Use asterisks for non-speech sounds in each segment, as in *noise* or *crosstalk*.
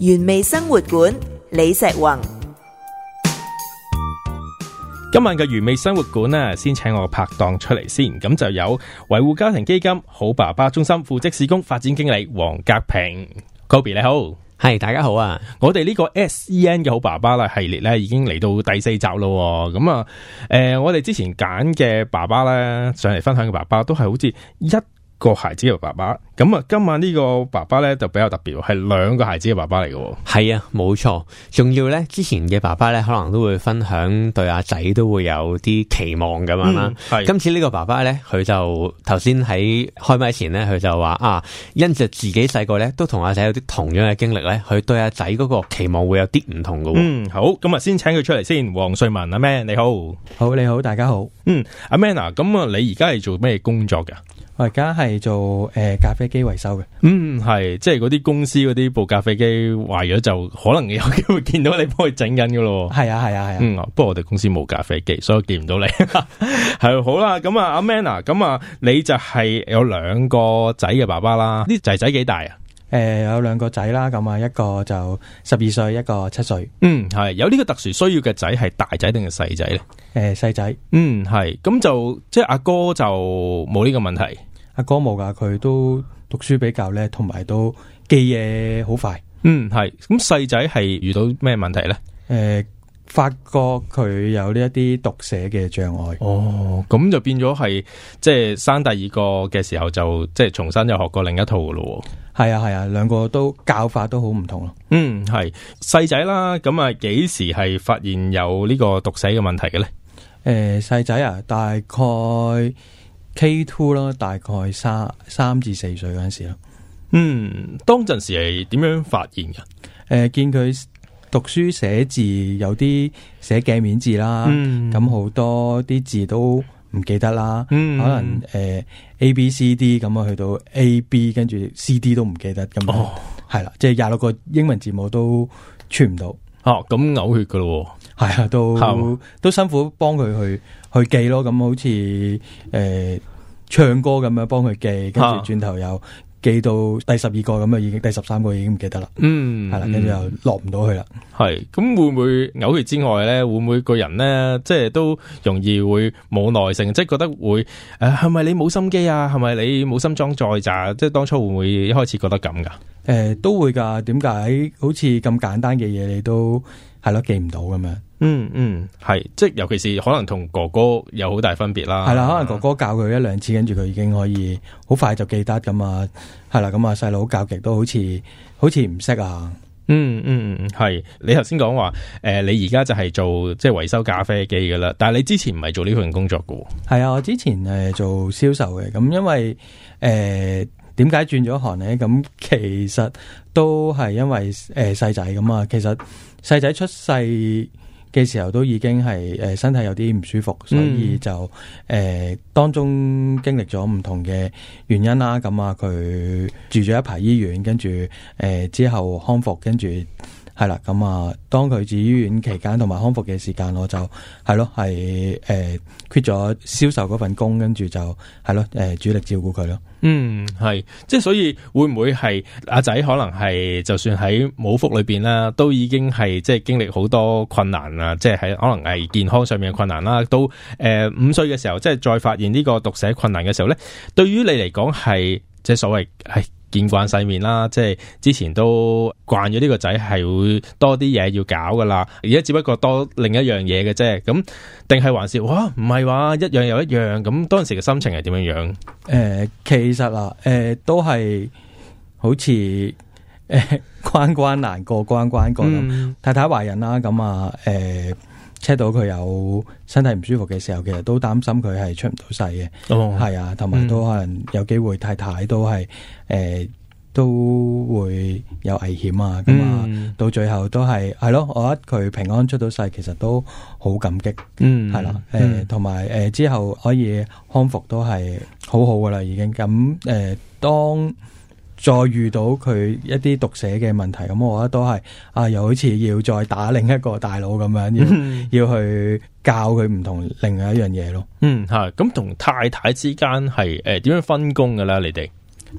原味生活館李石宏，今晚嘅原味生活館啊，先請我拍檔出嚟先，咁就有維護家庭基金好爸爸中心副職事工發展經理黃格平，Kobe 你好，係大家好啊！我哋呢個 SEN 嘅好爸爸啦系列咧，已經嚟到第四集咯，咁啊，誒、呃，我哋之前揀嘅爸爸咧，上嚟分享嘅爸爸都係好似一個孩子嘅爸爸咁啊，今晚呢個爸爸咧就比較特別，係兩個孩子嘅爸爸嚟嘅。係啊，冇錯，仲要咧之前嘅爸爸咧，可能都會分享對阿仔都會有啲期望咁樣啦。嗯，今次呢個爸爸咧，佢就頭先喺開咪前咧，佢就話啊，因着自己細個咧都同阿仔有啲同樣嘅經歷咧，佢對阿仔嗰個期望會有啲唔同嘅。嗯，好，咁啊，先請佢出嚟先。黃瑞文阿 Man，你好。好你好，大家好。嗯，阿 Man 嗱，咁啊，你而家係做咩工作嘅？我而家係做誒咖啡機維修嘅，嗯係，即係嗰啲公司嗰啲部咖啡機壞咗，就、呃、可能有機會見到你幫佢整緊噶咯係啊係啊係啊，不過我哋公司冇咖啡機，所以我見唔到你。係好啦，咁啊阿 Man 啊，咁啊你就係有兩個仔嘅爸爸啦。啲仔仔幾大啊？誒、嗯，有兩個仔啦，咁啊，一個就十二歲，一個七歲。嗯係，有呢個特殊需要嘅仔係大仔定係細仔咧？誒細仔，嗯係，咁、啊、就即係阿哥就冇呢個問題。阿哥冇噶、啊，佢都讀書比較叻，同埋都記嘢好快。嗯，係。咁細仔係遇到咩問題咧？誒、呃，發覺佢有呢一啲讀寫嘅障礙。哦，咁就變咗係即係生第二個嘅時候就即係、就是、重新又學過另一套噶咯。係啊係啊，兩、啊、個都教法都好唔同咯。嗯，係細仔啦，咁啊幾時係發現有呢個讀寫嘅問題嘅咧？誒、呃，細仔啊，大概。2> K two 啦，大概三三至四歲嗰陣時啦。嗯，當陣時係點樣發現嘅？誒、呃，見佢讀書寫字有啲寫鏡面字啦，咁好、嗯、多啲字都唔記得啦。嗯、可能誒、呃、A B C D 咁啊，去到 A B 跟住 C D 都唔記得咁。哦，係啦，即係廿六個英文字母都串唔到。哦、啊，咁嘔血噶咯喎！係啊， *noise* 都都辛苦幫佢去去記咯，咁好似誒、呃、唱歌咁樣幫佢記，跟住轉頭又記到第十二個咁啊，已經第十三個已經唔記得啦。嗯，係啦、嗯，跟住又落唔到去啦。係，咁會唔會偶然之外咧？會唔會個人咧，即係都容易會冇耐性，即係覺得會誒係咪你冇心機啊？係咪你冇心裝載咋？即係當初會唔會一開始覺得咁噶？誒、呃，都會噶，點解好似咁簡單嘅嘢，你都係咯記唔到咁樣？嗯嗯，係、嗯，即係尤其是可能同哥哥有好大分別啦。係啦、啊，可能哥哥教佢一兩次，跟住佢已經可以好快就記得咁啊。係啦，咁啊，細佬教極都好似好似唔識啊。嗯嗯嗯，係。你頭先講話誒、呃，你而家就係做即係維修咖啡機噶啦。但係你之前唔係做呢份工作噶。係啊，我之前誒做銷售嘅。咁因為誒點解轉咗行咧？咁其實都係因為誒、呃、細仔咁啊。其實細仔出世嘅時候都已經係誒身體有啲唔舒服，所以就誒、呃、當中經歷咗唔同嘅原因啦，咁啊佢住咗一排醫院，跟住誒之後康復，跟住。係啦，咁啊，當佢住醫院期間同埋康復嘅時間，我就係咯，係誒 quit 咗銷售嗰份工，跟住就係咯，誒、呃、主力照顧佢咯。嗯，係，即係所以會唔會係阿仔可能係就算喺母腹裏邊啦，都已經係即係經歷好多困難啊！即係喺可能係健康上面嘅困難啦，到，誒五歲嘅時候，即係再發現呢個讀寫困難嘅時候咧，對於你嚟講係即係所謂係。見慣世面啦，即係之前都慣咗呢個仔係會多啲嘢要搞噶啦，而家只不過多另一樣嘢嘅啫，咁定係還是，還是哇，唔係話一樣又一樣咁？當時嘅心情係點樣樣？誒、呃，其實啊，誒、呃，都係好似誒、呃、關關難過關關過咯，嗯、太太懷孕啦，咁啊，誒、呃。check 到佢有身體唔舒服嘅時候，其實都擔心佢係出唔到世嘅，係、oh, 啊，同埋都可能有機會太太都係誒、呃、都會有危險啊，咁啊，到最後都係係咯，我覺得佢平安出到世，其實都好感激，係啦、mm, 啊，誒、呃，同埋誒之後可以康復都係好好噶啦，已經咁誒當。再遇到佢一啲讀寫嘅問題，咁我覺得都係啊，又好似要再打另一個大佬咁樣，要， *laughs* 要去教佢唔同另外一樣嘢咯。嗯，嚇，咁同太太之間係誒點樣分工噶啦？你哋誒。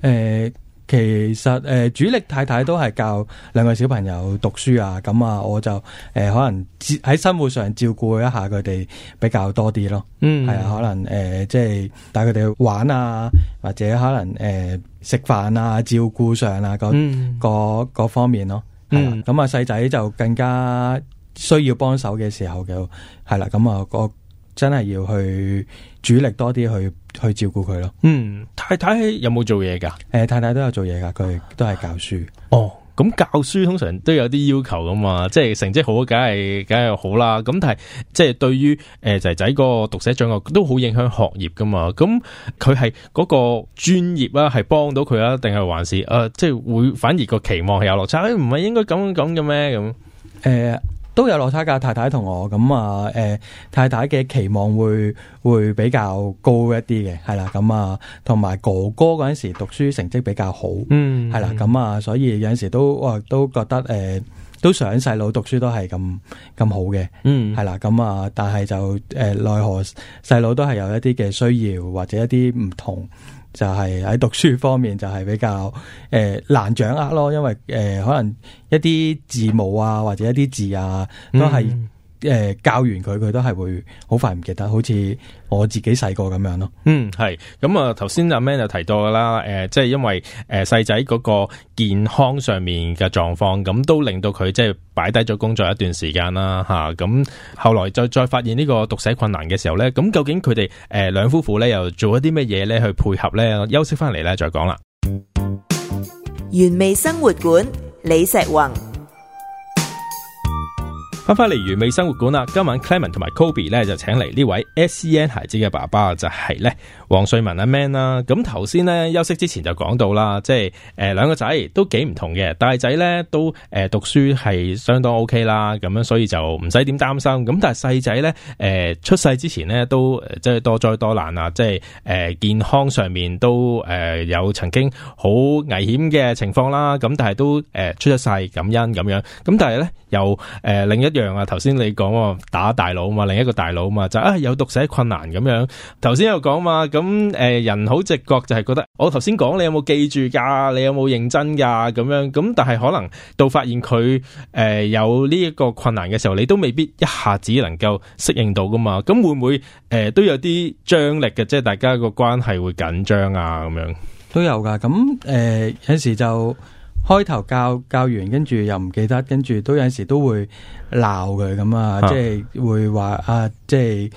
呃其實誒、呃，主力太太都係教兩個小朋友讀書啊，咁啊，我就誒、呃、可能喺生活上照顧一下佢哋比較多啲咯。嗯，係啊，可能誒、呃、即係帶佢哋玩啊，或者可能誒、呃、食飯啊，照顧上啊個各、嗯、各、各方面咯。係啦、嗯，咁啊、啊細仔就更加需要幫手嘅時候就係啦，咁啊、啊、啊我真係要去主力多啲去。去照顧佢咯。嗯，太太有冇做嘢噶？誒，太太都有做嘢噶，佢都係教書。哦，咁教書通常都有啲要求噶嘛，即係成績好，梗係梗係好啦。咁但係即係對於誒仔仔個讀寫障礙都好影響學業噶嘛。咁佢係嗰個專業啊，係幫到佢啊，定係還是誒、呃，即係會反而個期望係有落差？唔、哎、唔係應該咁講嘅咩？咁誒。都有落差㗎，太太同我咁啊，誒，太太嘅期望會會比較高一啲嘅，係啦，咁啊，同埋哥哥嗰陣時讀書成績比較好，嗯，嗯，嗯，係啦，咁啊，所以有陣時都我都覺得誒、呃，都想細佬讀書都係咁咁好嘅、嗯嗯，嗯，係啦，咁、呃、啊，但係就誒，奈何細佬都係有一啲嘅需要或者一啲唔同。就係喺讀書方面就係比較誒、呃、難掌握咯，因為誒、呃、可能一啲字母啊或者一啲字啊都係、嗯。誒、呃，教完佢，佢都係會好快唔記得，好似我自己細個咁樣咯、嗯。嗯，係咁啊。頭先阿 Man 就提到噶啦，誒、呃，即係因為誒細、呃、仔嗰個健康上面嘅狀況，咁、嗯、都令到佢即係擺低咗工作一段時間啦。吓、啊、咁、嗯、後來再再發現呢個讀寫困難嘅時候咧，咁、嗯、究竟佢哋誒兩夫婦咧又做一啲咩嘢咧去配合咧休息翻嚟，咧，再講啦。原味生活館李石宏。翻翻嚟完美生活館啦，今晚 Clement 同埋 Kobe 咧就請嚟呢位 SEN 孩子嘅爸爸就係咧黃瑞文阿 Man 啦、啊。咁頭先咧休息之前就講到啦，即係誒兩個仔都幾唔同嘅，大仔咧都誒、呃、讀書係相當 OK 啦，咁樣所以就唔使點擔心。咁但係細仔咧誒出世之前咧都即係多災多難啊，即係誒、呃、健康上面都誒有曾經好危險嘅情況啦。咁但係都誒、呃、出咗世感恩咁樣。咁但係咧又誒另一。樣啊，頭先你講打大佬嘛，另一個大佬嘛，就啊、哎、有讀寫困難咁樣。頭先有講嘛，咁、嗯、誒人好直覺就係覺得，我頭先講你有冇記住噶，你有冇認真噶咁樣，咁但係可能到發現佢誒、呃、有呢一個困難嘅時候，你都未必一下子能夠適應到噶嘛。咁、嗯、會唔會誒、呃、都有啲張力嘅，即係大家個關係會緊張啊咁樣都有噶咁誒、呃、有時就。開頭教教完，跟住又唔記得，跟住都有時都會鬧佢咁啊，即係會話啊，即係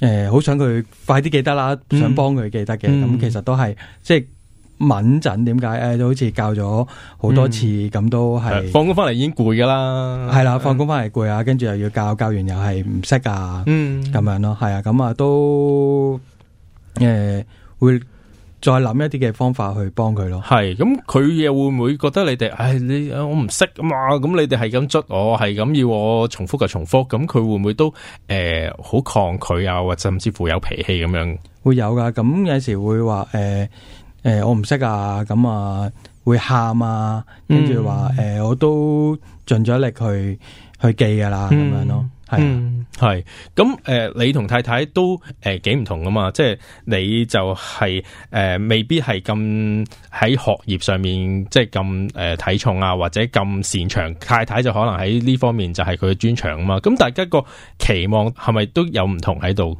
誒，好想佢快啲記得啦，嗯、想幫佢記得嘅，咁、嗯、其實都係即係穩陣，點解誒，呃、好似教咗好多次咁、嗯、都係、嗯、放工翻嚟已經攰噶啦，係啦，放工翻嚟攰啊，跟住又要教教完又係唔識啊。嗯，咁樣咯，係啊，咁啊,啊,啊,啊,啊,啊都誒、呃呃、會。會再係諗一啲嘅方法去幫佢咯。係，咁佢又會唔會覺得你哋，唉，你我唔識啊嘛，咁你哋係咁捽我，係咁要我重複就重複，咁佢會唔會都誒好、呃、抗拒啊，或者甚至乎有脾氣咁、啊呃呃啊、樣、啊？會有噶，咁有時會話誒誒，我唔識啊，咁啊會喊啊，跟住話誒，我都盡咗力去去記噶啦，咁、嗯、樣咯。啊、嗯，係，咁誒、呃，你同太太都誒、呃、幾唔同噶嘛？即係你就係、是、誒、呃，未必係咁喺學業上面，即係咁誒，體重啊或者咁擅長，太太就可能喺呢方面就係佢嘅專長啊嘛。咁大家個期望係咪都有唔同喺度？誒、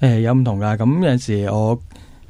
呃，有唔同噶，咁、嗯、有時我。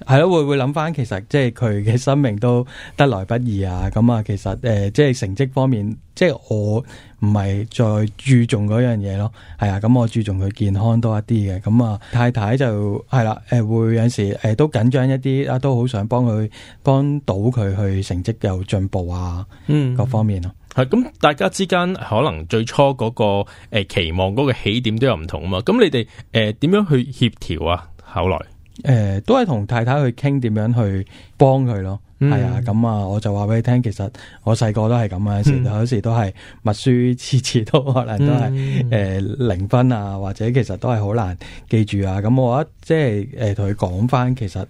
係咯，會會諗翻其實即係佢嘅生命都得來不易啊！咁啊，其實誒，即係成績方面，即係我唔係再注重嗰樣嘢咯。係啊，咁我注重佢健康多一啲嘅。咁啊，太太就係啦，誒，會有時誒都緊張一啲啊，都好想幫佢幫到佢去成績又進步啊。嗯、各方面咯。係咁，大家之間可能最初嗰個誒期望嗰個起點都有唔同啊嘛。咁你哋誒點樣去協調啊？後來？誒、呃，都係同太太去傾點樣去幫佢咯，係、嗯、啊，咁啊，我就話俾你聽，其實我細個都係咁啊，嗯、有時有時都係默書，次次都可能都係誒、嗯、呃、零分啊，或者其實都係好難記住啊，咁我覺得，即係誒同佢講翻，其實。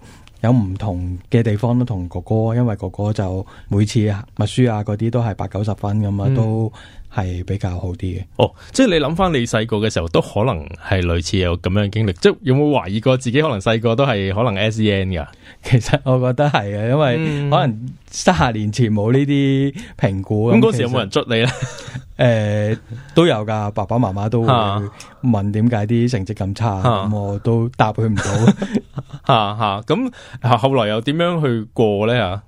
有唔同嘅地方都同哥哥，因為哥哥就每次啊默書啊嗰啲都係八九十分咁啊，都係比較好啲嘅。哦，即係你諗翻你細個嘅時候，都可能係類似有咁樣經歷，即係有冇懷疑過自己可能細個都係可能 SEN 噶？其實我覺得係呀，因為可能三十年前冇呢啲評估，咁嗰、嗯、其實 時有冇人捉你咧？ *laughs* 誒、呃，都有㗎，爸爸媽媽都會問，點解啲成績咁差，咁、啊、我都答佢唔到，吓吓，咁後來又點樣去過咧吓？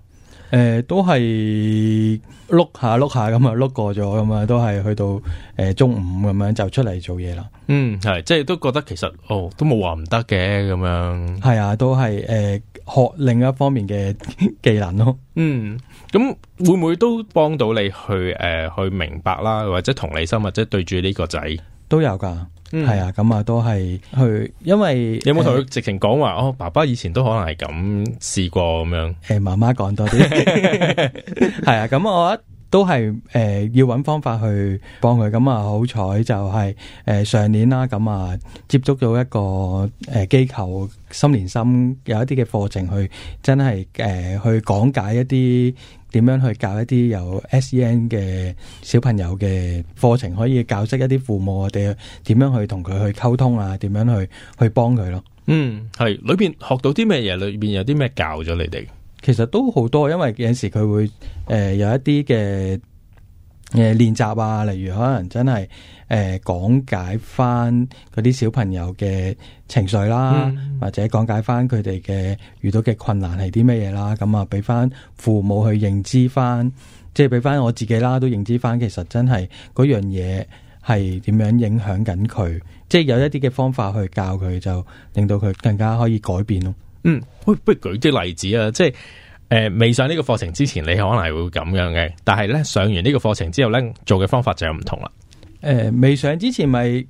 誒、呃，都係碌下碌下咁啊，碌過咗咁啊，都係去到誒、呃、中午咁樣就出嚟做嘢啦。嗯，係，即係都覺得其實哦，都冇話唔得嘅咁樣。係啊，都係誒、呃、學另一方面嘅技能咯。嗯，咁會唔會都幫到你去誒、呃、去明白啦，或者同理心或者對住呢個仔都有噶？係、嗯、啊，咁啊都係去，因為有冇同佢直情講話哦？爸爸以前都可能係咁試過咁樣。誒、欸，媽媽講多啲，係啊，咁我覺得都係誒、呃、要揾方法去幫佢。咁啊好彩就係、是、誒、呃、上年啦，咁、嗯、啊接觸到一個誒機、呃、構心連心有一啲嘅課程去、呃，去真係誒去講解一啲。點樣去教一啲有 SEN 嘅小朋友嘅課程，可以教識一啲父母，或者點樣去同佢去溝通啊，點樣去去幫佢咯？嗯，係裏邊學到啲咩嘢？裏邊有啲咩教咗你哋？其實都好多，因為有陣時佢會誒、呃、有一啲嘅誒，練習啊，例如可能真係誒，呃、講解翻嗰啲小朋友嘅情緒啦，嗯嗯、或者講解翻佢哋嘅遇到嘅困難係啲乜嘢啦，咁啊，俾翻父母去認知翻，即係俾翻我自己啦，都認知翻，其實真係嗰樣嘢係點樣影響緊佢，即係有一啲嘅方法去教佢，就令到佢更加可以改變咯。嗯，喂，不如舉啲例子啊，即係。誒，未上呢個課程之前，你可能係會咁樣嘅，但係咧，上完呢個課程之後咧，做嘅方法就有唔同啦。誒、呃，未上之前咪、就是。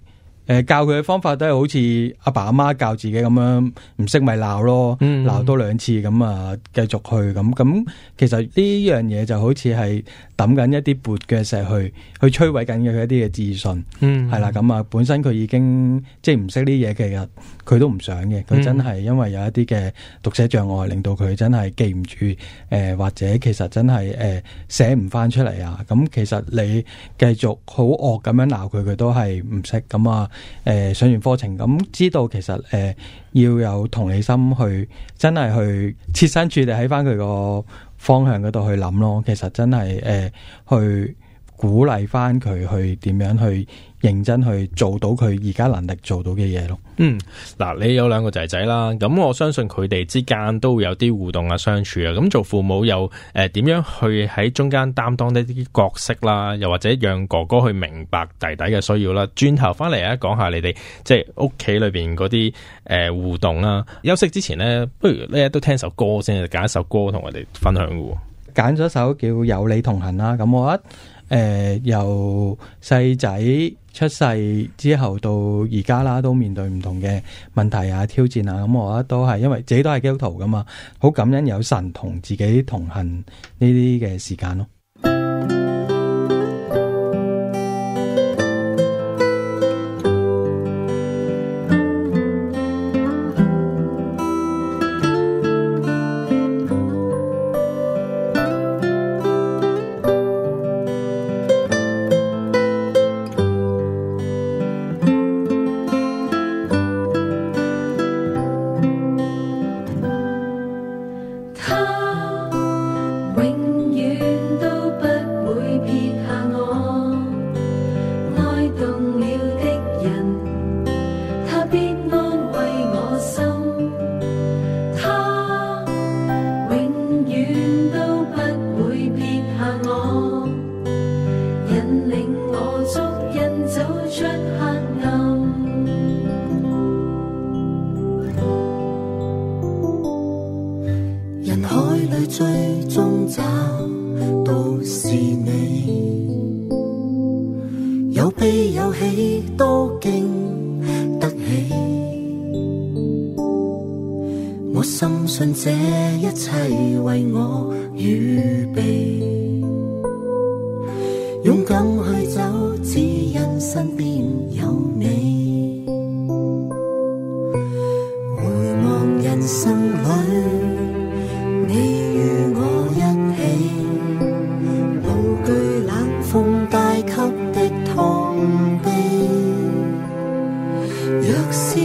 誒，教佢嘅方法都係好似阿爸阿媽教自己咁樣，唔識咪鬧咯，鬧、嗯、多兩次咁啊，繼續去咁咁。其實呢樣嘢就好似係抌緊一啲撥嘅石去，去摧毀緊佢一啲嘅自信。嗯，係啦，咁啊，本身佢已經即係唔識呢嘢嘅人，佢都唔想嘅。佢真係因為有一啲嘅讀寫障礙，令到佢真係記唔住，誒、呃、或者其實真係誒、呃、寫唔翻出嚟啊。咁其實你繼續好惡咁樣鬧佢，佢都係唔識咁啊。誒、呃，上完課程咁、嗯，知道其實誒、呃，要有同理心去，真係去設身處地，喺翻佢個方向嗰度去諗咯。其實真係誒、呃，去鼓勵翻佢去點樣去。認真去做到佢而家能力做到嘅嘢咯。嗯，嗱，你有兩個仔仔啦，咁我相信佢哋之間都會有啲互動啊，相處啊。咁做父母又誒，點、呃、樣去喺中間擔當一啲角色啦？又或者讓哥哥去明白弟弟嘅需要啦？轉頭翻嚟啊，講下你哋即係屋企裏邊嗰啲誒互動啦、啊。休息之前呢，不如呢都聽首歌先，揀一首歌同我哋分享嘅。揀咗首叫《有你同行》啦。咁我覺得誒、呃、由細仔，出世之後到而家啦，都面對唔同嘅問題啊、挑戰啊，咁、嗯、我覺得都係因為自己都係基督徒噶嘛，好感恩有神同自己同行呢啲嘅時間咯。若是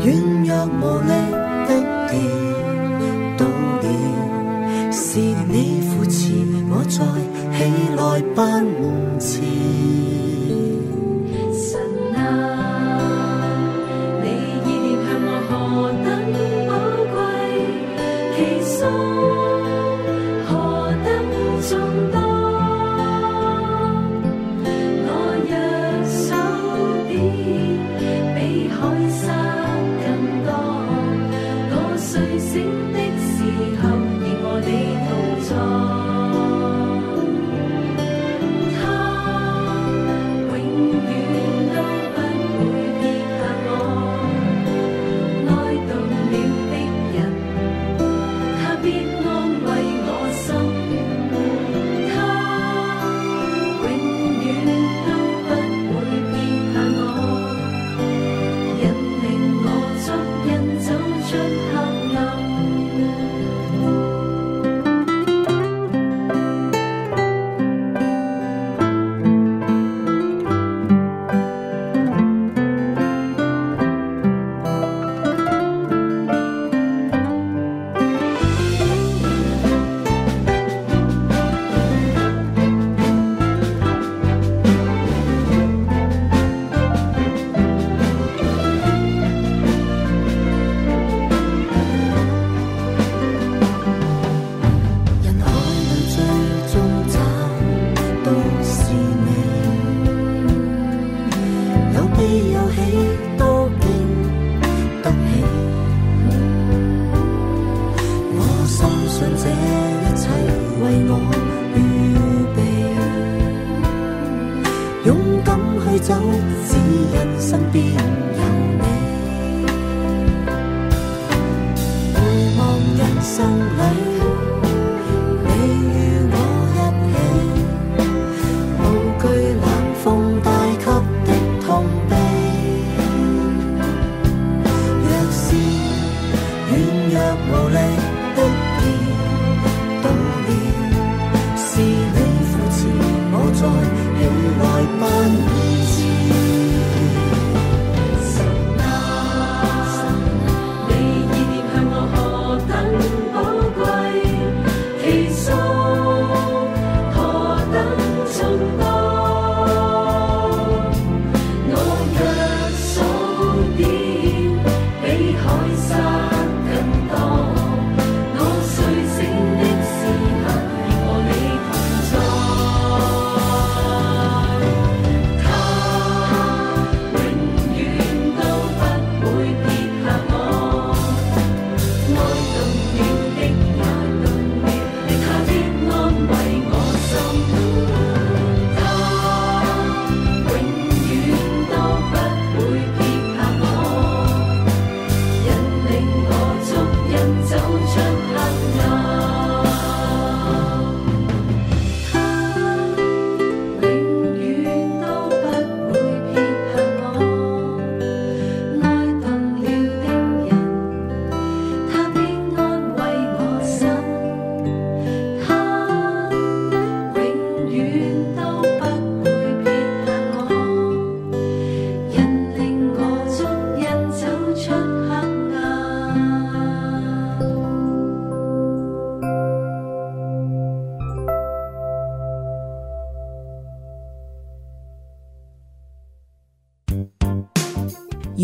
軟弱無力。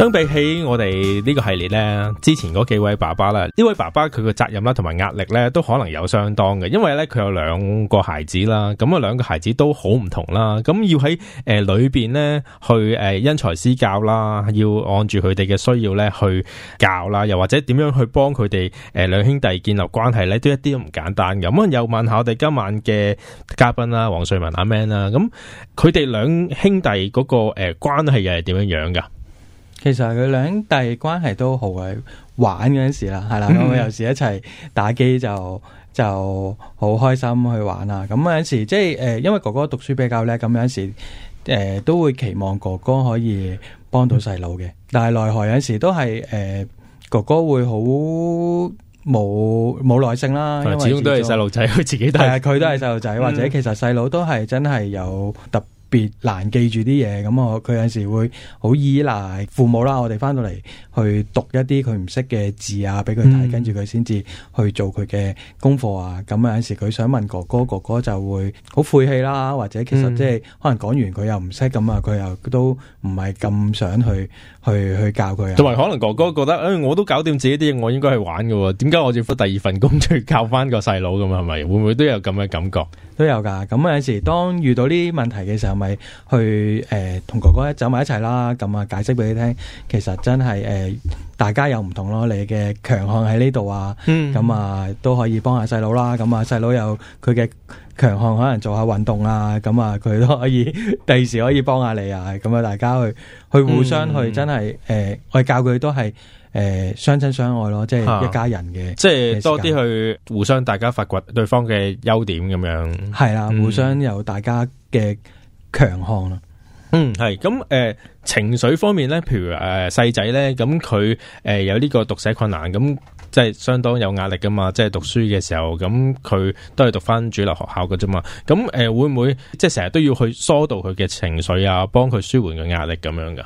相比起我哋呢個系列咧，之前嗰幾位爸爸啦，呢位爸爸佢個責任啦同埋壓力咧都可能有相當嘅，因為咧佢有兩個孩子啦，咁啊兩個孩子都好唔同啦，咁要喺誒裏邊咧去誒因材施教啦，要按住佢哋嘅需要咧去教啦，又或者點樣去幫佢哋誒兩兄弟建立關係咧，都一啲都唔簡單嘅。咁又問下我哋今晚嘅嘉賓啦，黃瑞文阿 Man 啦，咁佢哋兩兄弟嗰個誒關係又係點樣樣㗎？其實佢兩弟關係都好嘅，玩嗰陣時啦，係啦，咁有時一齊打機就就好開心去玩啦。咁有陣時即係誒、呃，因為哥哥讀書比較叻，咁有陣時誒、呃、都會期望哥哥可以幫到細佬嘅。但係奈何有陣時都係誒、呃、哥哥會好冇冇耐性啦。 *laughs* 因為始終 *laughs* 都係細路仔，佢自己，係佢都係細路仔，或者其實細佬都係真係有特。別難記住啲嘢，咁我佢有陣時會好依賴父母啦。我哋翻到嚟，去讀一啲佢唔識嘅字啊，俾佢睇，跟住佢先至去做佢嘅功課啊。咁有陣時佢想問哥哥，哥哥就會好晦氣啦。或者其實即係可能講完佢又唔識咁啊，佢又都唔係咁想去。去去教佢，同埋可能哥哥覺得，誒、嗯哎，我都搞掂自己啲嘢，我應該去玩噶點解我要分第二份工出去教翻個細佬咁啊？係咪？會唔會都有咁嘅感覺？都有噶咁有時當遇到呢啲問題嘅時候，咪去誒同、呃、哥哥走埋一齊啦，咁啊解釋俾你聽，其實真係誒、呃、大家有唔同咯，你嘅強項喺呢度啊，咁啊都可以幫下細佬啦，咁啊細佬有佢嘅。強項可能做下運動啊，咁啊佢都可以，第時可以幫下你啊，咁啊大家去去互相去真係誒、呃，我哋教佢都係誒、呃，相親相愛咯，即係一家人嘅、啊，即係多啲去互相大家發掘對方嘅優點咁樣，係啦、嗯啊，互相有大家嘅強項咯。嗯，係咁誒，情緒方面咧，譬如誒細、呃、仔咧，咁佢誒有呢個讀寫困難咁。即係相當有壓力噶嘛，即係讀書嘅時候，咁佢都係讀翻主流學校噶啫嘛。咁誒、呃，會唔會即係成日都要去疏導佢嘅情緒啊，幫佢舒緩嘅壓力咁樣噶？誒、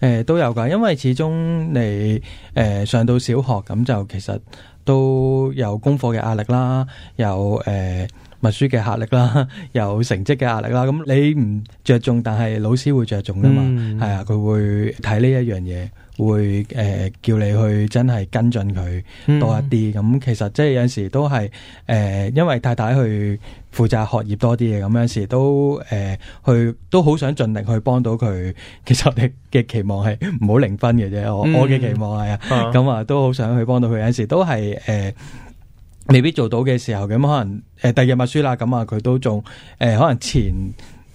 呃，都有噶，因為始終你誒、呃、上到小學咁就其實都有功課嘅壓力啦，有誒默、呃、書嘅壓力啦，有成績嘅壓力啦。咁你唔着重，但係老師會着重噶嘛？係、嗯、啊，佢會睇呢一樣嘢。會誒、呃、叫你去真係跟進佢多一啲，咁、嗯嗯、其實即係有陣時都係誒、呃，因為太太去負責學業多啲嘅，咁有陣時都誒、呃、去都好想盡力去幫到佢。其實我哋嘅期望係唔好零分嘅啫，我、嗯、我嘅期望係啊，咁啊都好想去幫到佢。有陣時都係誒、呃、未必做到嘅時候，咁可能誒、呃、第二日默書啦，咁啊佢都仲誒、呃、可能前。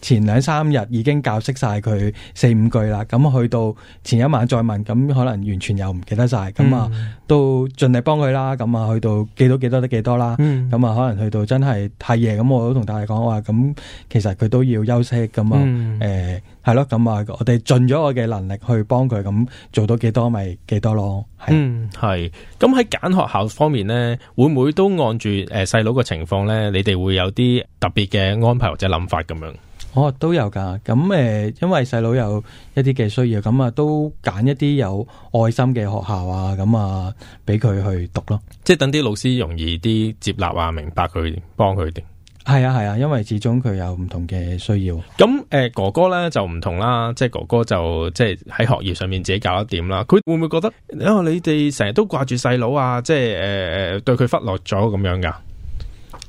前兩三日已經教識晒佢四五句啦。咁去到前一晚再問，咁可能完全又唔記得晒咁啊。嗯、都盡力幫佢啦。咁啊，去到記到幾多得幾多啦。咁啊、嗯，可能去到真係太夜咁，我都同大家講話咁，其實佢都要休息咁啊。誒、嗯，係咯、呃。咁啊，我哋盡咗我嘅能力去幫佢，咁做到幾多咪幾多咯。嗯，係。咁喺揀學校方面呢，會唔會都按住誒細佬嘅情況呢？你哋會有啲特別嘅安排或者諗法咁樣？我、哦、都有噶，咁、嗯、誒，因為細佬有一啲嘅需要，咁、嗯、啊，都揀一啲有愛心嘅學校啊，咁、嗯、啊，俾、嗯、佢去讀咯，即係等啲老師容易啲接納啊，明白佢，幫佢哋。係啊係啊，因為始終佢有唔同嘅需要。咁誒、呃，哥哥咧就唔同啦，即係哥哥就即係喺學業上面自己搞得掂啦。佢會唔會覺得，因、呃、為你哋成日都掛住細佬啊，即係誒誒，對佢忽略咗咁樣噶？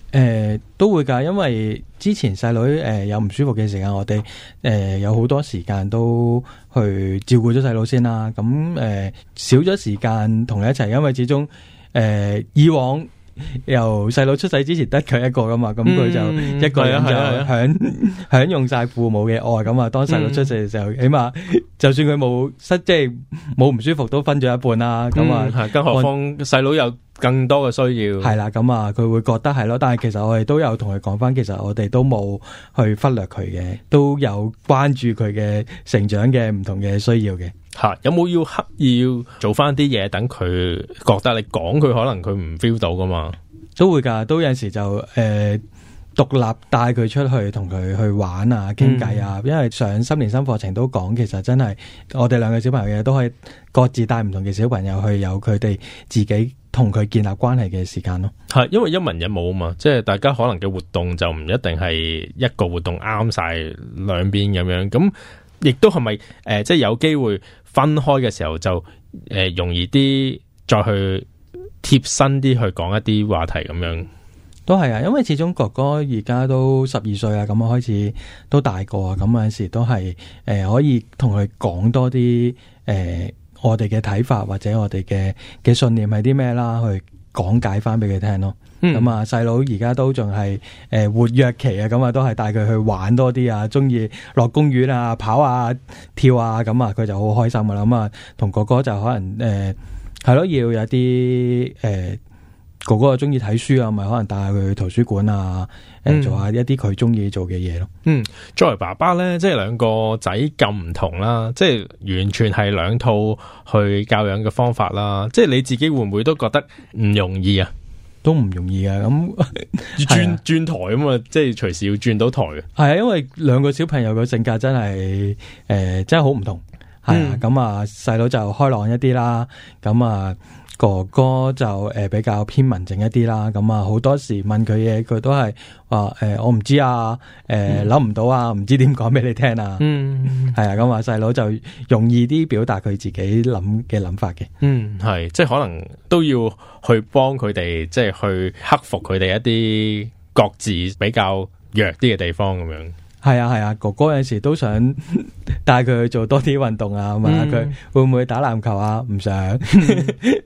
誒、呃，都會㗎，因為之前細女誒有唔舒服嘅時間，我哋誒、呃、有好多時間都去照顧咗細路先啦。咁、嗯、誒、呃、少咗時間同你一齊，因為始終誒、呃、以往。由細佬出世之前得佢一個㗎嘛，咁、嗯、佢是就一個人就享享 *laughs* 用晒父母嘅愛咁啊。當細佬出世嘅時候，起碼就算佢冇失，即係冇唔舒服，都分咗一半啦。咁啊，更、嗯、何況細佬有更多嘅需要。係啦，咁啊，佢會覺得係咯。但係其實我哋都有同佢講返，其實我哋都冇去忽略佢嘅，都有關注佢嘅成長嘅唔同嘅需要嘅。吓，有冇要刻意要做翻啲嘢，等佢覺得你講佢可能佢唔 feel 到噶嘛？都會噶，都有時就誒獨、呃、立帶佢出去同佢去玩啊、傾偈啊。嗯、因為上三年新課程都講，其實真係我哋兩個小朋友都可以各自帶唔同嘅小朋友去有佢哋自己同佢建立關係嘅時間咯。係因為一文一武啊嘛，即係大家可能嘅活動就唔一定係一個活動啱晒兩邊咁樣咁。亦都係咪誒，即係有機會分開嘅時候就誒、呃，容易啲再去貼身啲去講一啲話題咁樣？都係啊，因為始終哥哥而家都十二歲啊，咁我開始都大個啊，咁有陣時都係誒、呃，可以同佢講多啲誒、呃，我哋嘅睇法或者我哋嘅嘅信念係啲咩啦，去講解翻俾佢聽咯。咁啊，細佬而家都仲係誒活躍期啊，咁啊都係帶佢去玩多啲啊，中意落公園啊，跑啊，跳啊，咁啊佢就好開心噶啦。咁啊同哥哥就可能誒係咯，要有啲誒、呃、哥哥啊中意睇書啊，咪可能帶佢去圖書館啊，誒、呃、做下一啲佢中意做嘅嘢咯。嗯，作為爸爸咧，即係兩個仔咁唔同啦，即係完全係兩套去教養嘅方法啦。即係你自己會唔會都覺得唔容易啊？都唔容易嘅，咁要轉轉台咁啊，即係隨時要轉到台嘅。係啊，因為兩個小朋友嘅性格真係，誒、呃，真係好唔同。係啊，咁啊、嗯，細佬、嗯、就開朗一啲啦，咁啊。嗯哥哥就誒、呃、比較偏文靜一啲啦，咁啊，好多時問佢嘢，佢都係話，誒，我唔知啊，誒諗唔到啊，唔知點講俾你聽啊。嗯，係啊，咁話細佬就容易啲表達佢自己諗嘅諗法嘅。嗯，係，即係可能都要去幫佢哋，即係去克服佢哋一啲各自比較弱啲嘅地方咁樣。係啊係啊，哥哥有時都想、嗯。帶佢去做多啲運動啊，問下佢會唔會打籃球啊？唔想，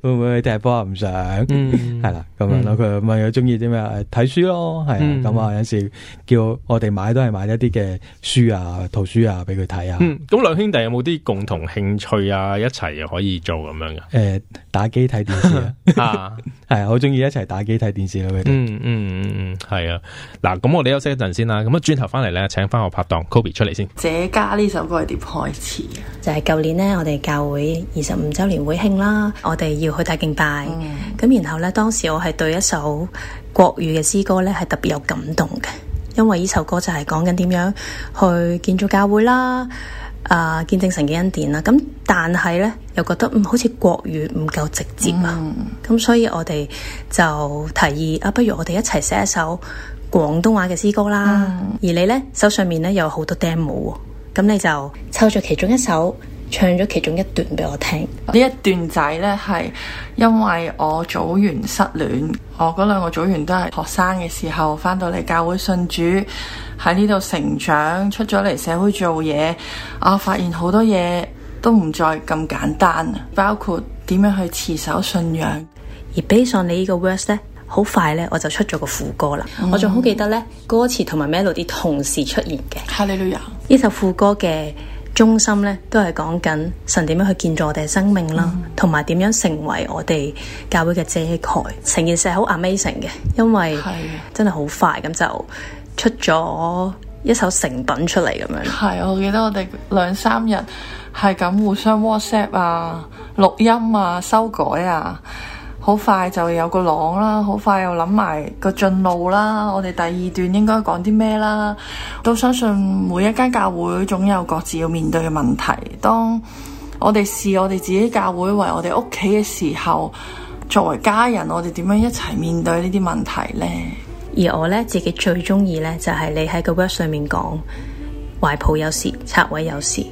會唔會踢波啊？唔想，係啦咁樣咯。佢問佢中意啲咩？睇書咯，係啊。咁啊，有時叫我哋買都係買一啲嘅書啊、圖書啊俾佢睇啊。咁兩兄弟有冇啲共同興趣啊？一齊又可以做咁樣嘅？誒，打機睇電視啊，係好中意一齊打機睇電視咯。佢哋，嗯嗯嗯，係啊。嗱，咁我哋休息一陣先啦。咁啊，轉頭翻嚟咧，請翻我拍檔 Kobe 出嚟先。謝家呢首。該點開始就係舊年咧，我哋教會二十五週年會慶啦，我哋要去大敬拜咁。嗯、然後咧，當時我係對一首國語嘅詩歌咧，係特別有感動嘅，因為呢首歌就係講緊點樣去建造教會啦，啊、呃，見證神嘅恩典啦。咁但係咧，又覺得嗯好似國語唔夠直接啊。咁、嗯啊、所以我哋就提議啊，不如我哋一齊寫一首廣東話嘅詩歌啦。嗯、而你咧手上面咧有好多 demo 喎。咁你就抽咗其中一首，唱咗其中一段俾我聽。呢一段仔呢，係因為我組員失戀，我嗰兩個組員都係學生嘅時候，翻到嚟教會信主，喺呢度成長，出咗嚟社會做嘢，我發現好多嘢都唔再咁簡單，包括點樣去持守信仰，而俾上你呢個 verse 呢。好快咧，我就出咗個副歌啦。嗯、我仲好記得呢歌詞同埋 melody 同時出現嘅。哈利路亞，呢首副歌嘅中心呢，都係講緊神點樣去建造我哋生命啦，同埋點樣成為我哋教會嘅遮蓋。成件事係好 amazing 嘅，因為的真係好快咁就出咗一首成品出嚟咁樣。係，我記得我哋兩三日係咁互相 WhatsApp 啊，錄音啊，修改啊。好快就有個廊啦，好快又諗埋個進路啦。我哋第二段應該講啲咩啦？都相信每一間教會總有各自要面對嘅問題。當我哋視我哋自己教會為我哋屋企嘅時候，作為家人，我哋點樣一齊面對呢啲問題呢？而我呢，自己最中意呢，就係、是、你喺個 work 上面講懷抱有時，拆毀有時。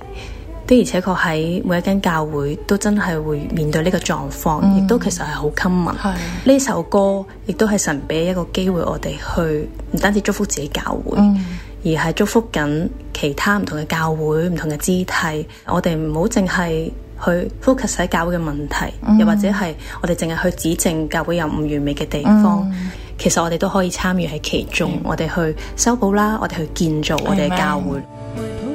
的而且確喺每一間教會都真係會面對呢個狀況，亦、嗯、都其實係好 common。呢是首歌亦都係神俾一個機會我哋去，唔單止祝福自己教會，嗯、而係祝福緊其他唔同嘅教會、唔同嘅肢體。我哋唔好淨係去 focus 喺教會嘅問題，嗯、又或者係我哋淨係去指正教會有唔完美嘅地方。嗯、其實我哋都可以參與喺其中，嗯、我哋去修補啦，我哋去建造我哋嘅教會。嗯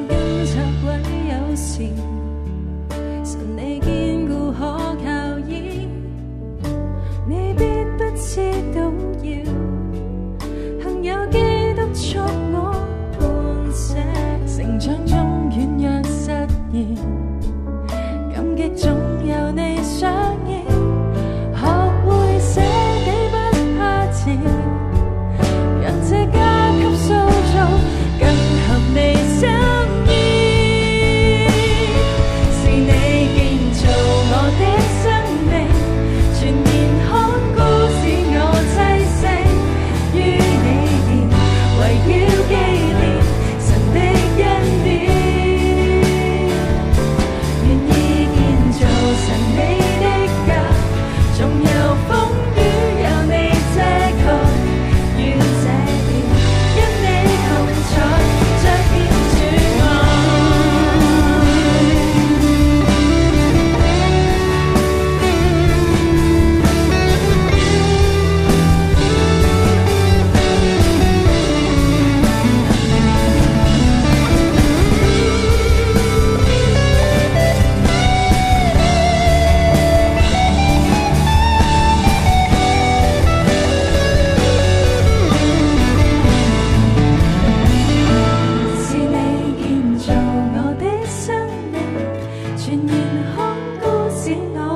捉我半生，成長中軟弱失言。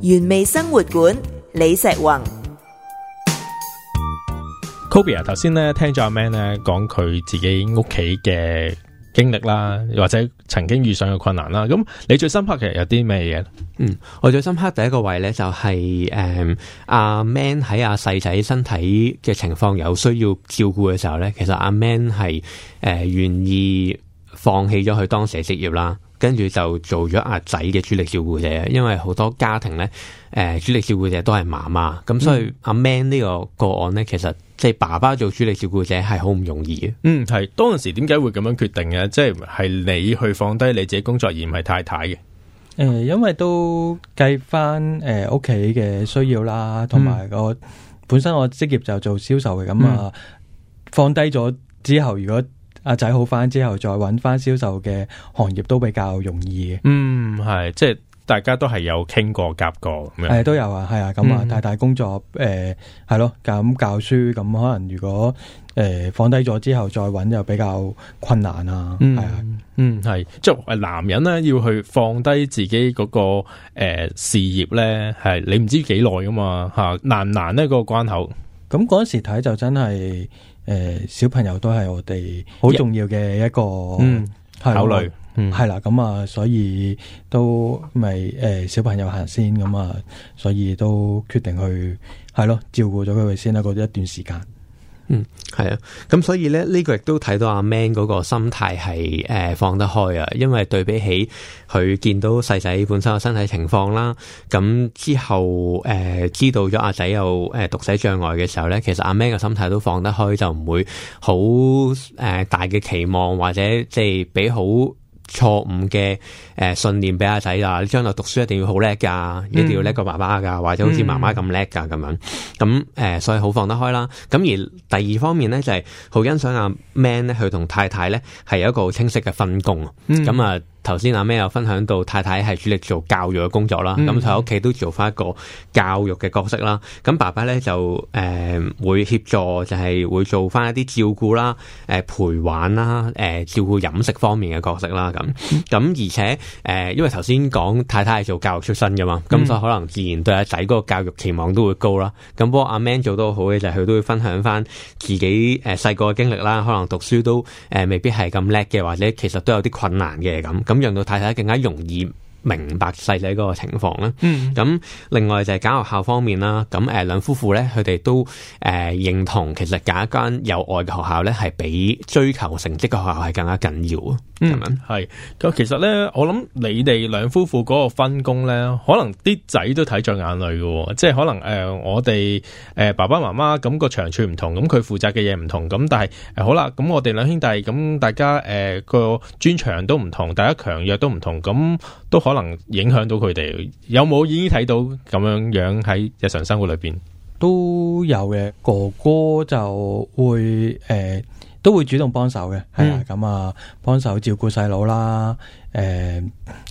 原味生活館李石宏，Kobe 啊，頭先咧聽咗阿 Man 咧講佢自己屋企嘅經歷啦，或者曾經遇上嘅困難啦，咁你最深刻其實有啲咩嘢？嗯，我最深刻第一個位咧就係誒阿 Man 喺阿細仔身體嘅情況有需要照顧嘅時候咧，其實阿、啊、Man 係誒、呃、願意放棄咗佢當時嘅職業啦。跟住就做咗阿仔嘅主力照顧者，因為好多家庭咧，誒、呃，主力照顧者都係媽媽，咁所以阿 Man 呢個個案咧，其實即係爸爸做主力照顧者係好唔容易嘅。嗯，係，當時點解會咁樣決定嘅？即係係你去放低你自己工作而唔係太太嘅。誒、呃，因為都計翻誒屋企嘅需要啦，同埋、嗯、我本身我職業就做銷售嘅咁啊，嗯、放低咗之後如果。阿仔好翻之後，再搵翻銷售嘅行業都比較容易嘅。嗯，係，即係大家都係有傾過夾過，係都有啊，係啊，咁啊，太、嗯、大，大工作誒，係、呃、咯，咁、啊、教書咁可能如果誒、呃、放低咗之後再搵又比較困難啊。嗯，啊、嗯，係，即係男人咧要去放低自己嗰、嗰個誒、呃、事業咧，係你唔知幾耐噶嘛吓難唔難咧、呢個關口？咁嗰、嗯、時睇就真係。誒、呃，小朋友都係我哋好重要嘅一個、嗯、吧考慮，係、嗯、啦，咁啊，所以都咪誒、呃，小朋友行先，咁啊，所以都決定去係咯，照顧咗佢哋先啦，嗰一段時間。嗯，係啊，咁所以咧，呢、這個亦都睇到阿 Man 嗰個心態係誒、呃、放得開啊，因為對比起佢見到細仔本身個身體情況啦，咁之後誒、呃、知道咗阿仔有誒讀寫障礙嘅時候咧，其實阿 Man 嘅心態都放得開，就唔會好誒、呃、大嘅期望或者即係俾好。錯誤嘅誒信念俾阿仔啊！你將來讀書一定要好叻噶，嗯、一定要叻過爸爸噶，或者好似媽媽咁叻噶咁樣。咁、嗯、誒、呃，所以好放得開啦。咁而第二方面咧，就係、是、好欣賞阿、啊、man 咧，佢同太太咧係有一個好清晰嘅分工。咁、嗯、啊。頭先阿 Man 又分享到太太係主力做教育嘅工作啦，咁佢喺屋企都做翻一個教育嘅角色啦。咁、嗯、爸爸咧就誒、呃、會協助，就係會做翻一啲照顧啦、誒、呃、陪玩啦、誒、呃、照顧飲食方面嘅角色啦。咁咁而且誒、呃，因為頭先講太太係做教育出身噶嘛，咁、嗯、所以可能自然對阿仔嗰個教育期望都會高啦。咁不過阿 Man 做得好嘅就係、是、佢都會分享翻自己誒細個嘅經歷啦，可能讀書都誒未必係咁叻嘅，或者其實都有啲困難嘅咁咁。讓到太太更加容易。明白細細嗰個情況咧，咁、嗯、另外就係揀學校方面啦。咁誒兩夫婦咧，佢哋都誒認同，其實揀一間有愛嘅學校咧，係比追求成績嘅學校係更加緊要。嗯，係嗎？咁其實咧，我諗你哋兩夫婦嗰個分工咧，可能啲仔都睇在眼裏嘅喎。即係可能誒、呃，我哋誒、呃、爸爸媽媽咁個長處唔同，咁佢負責嘅嘢唔同。咁但係誒、呃、好啦，咁我哋兩兄弟咁，大家誒個、呃、專長都唔同，大家強弱都唔同，咁都。可能影響到佢哋？有冇已經睇到咁樣樣喺日常生活裏邊都有嘅？哥哥就會誒、呃，都會主動幫手嘅，係、嗯、啊，咁啊，幫手照顧細佬啦，誒、呃，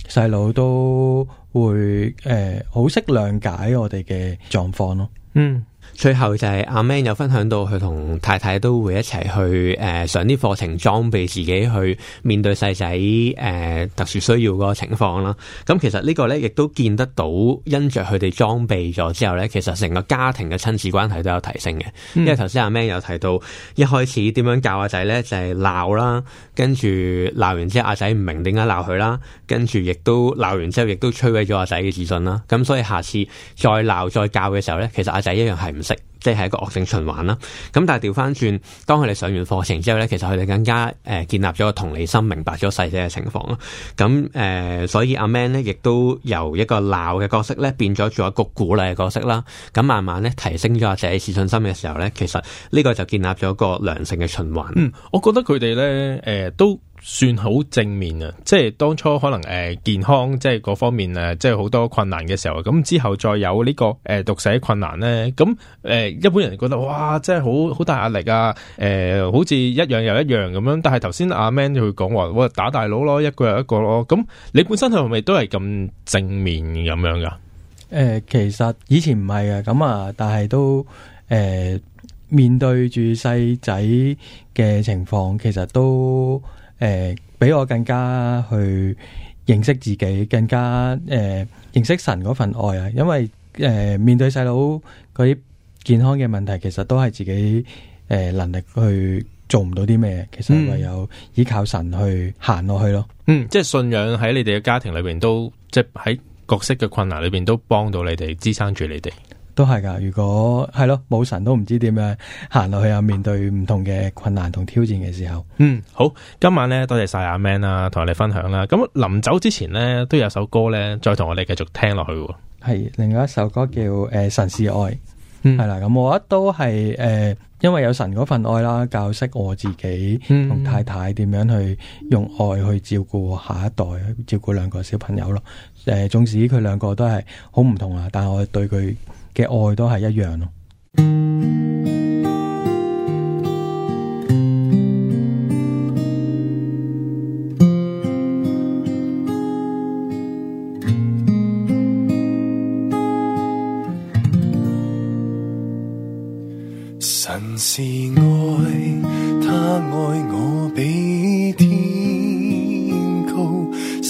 細佬都會誒，好識諒解我哋嘅狀況咯，嗯。最後就係阿 Man 有分享到，佢同太太都會一齊去誒、呃、上啲課程，裝備自己去面對細仔誒特殊需要嗰個情況啦。咁、嗯嗯、其實個呢個咧，亦都見得到，因着佢哋裝備咗之後咧，其實成個家庭嘅親子關係都有提升嘅。因為頭先阿 Man 有提到，一開始點樣教阿仔咧，就係、是、鬧啦，跟住鬧完之後阿仔唔明點解鬧佢啦，跟住亦都鬧完之後，亦都，都摧毀咗阿仔嘅自信啦。咁、嗯、所以下次再鬧再教嘅時候咧，其實阿仔一樣係唔～即係一個惡性循環啦，咁但係調翻轉，當佢哋上完課程之後咧，其實佢哋更加誒建立咗個同理心，明白咗細仔嘅情況啦。咁誒、呃，所以阿 man 咧，亦都由一個鬧嘅角色咧，變咗做一個鼓勵嘅角色啦。咁慢慢咧，提升咗阿仔自信心嘅時候咧，其實呢個就建立咗一個良性嘅循環。嗯，我覺得佢哋咧，誒、呃、都。算好正面啊！即係當初可能誒、呃、健康即係嗰方面誒即係好多困難嘅時候，咁之後再有呢、這個誒、呃、讀寫困難咧，咁誒、呃、一般人覺得哇，即係好好大壓力啊！誒、呃，好似一樣又一樣咁樣。但係頭先阿 Man 佢講話，我打大佬咯，一個又一個咯。咁、嗯、你本身係咪都係咁正面咁樣噶？誒、呃，其實以前唔係啊，咁啊，但係都誒、呃、面對住細仔嘅情況，其實都。誒、呃，畀我更加去認識自己，更加誒、呃、認識神嗰份愛啊！因為誒、呃、面對細佬嗰啲健康嘅問題，其實都係自己誒、呃、能力去做唔到啲咩，其實唯有依靠神去行落去咯。嗯，即係信仰喺你哋嘅家庭裏邊都，即係喺角色嘅困難裏邊都幫到你哋，支撐住你哋。都係噶，如果係咯，冇神都唔知點樣行落去啊！面對唔同嘅困難同挑戰嘅時候，嗯，好，今晚咧多謝晒阿 Man 啦、啊，同我哋分享啦。咁臨走之前咧，都有首歌咧，再同我哋繼續聽落去。係另外一首歌叫《誒、呃、神是愛》，嗯，係啦，咁我咧都係誒、呃，因為有神嗰份愛啦，教識我自己同、嗯、太太點樣去用愛去照顧下一代，照顧兩個小朋友咯。誒、呃，縱使佢兩個都係好唔同啊，但係我哋對佢。嘅愛都係一樣咯。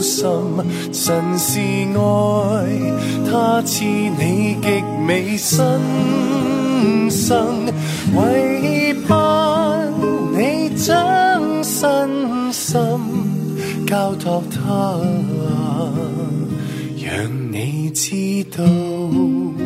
心神是愛，他賜你極美新生，唯盼你將身心交託他，讓你知道。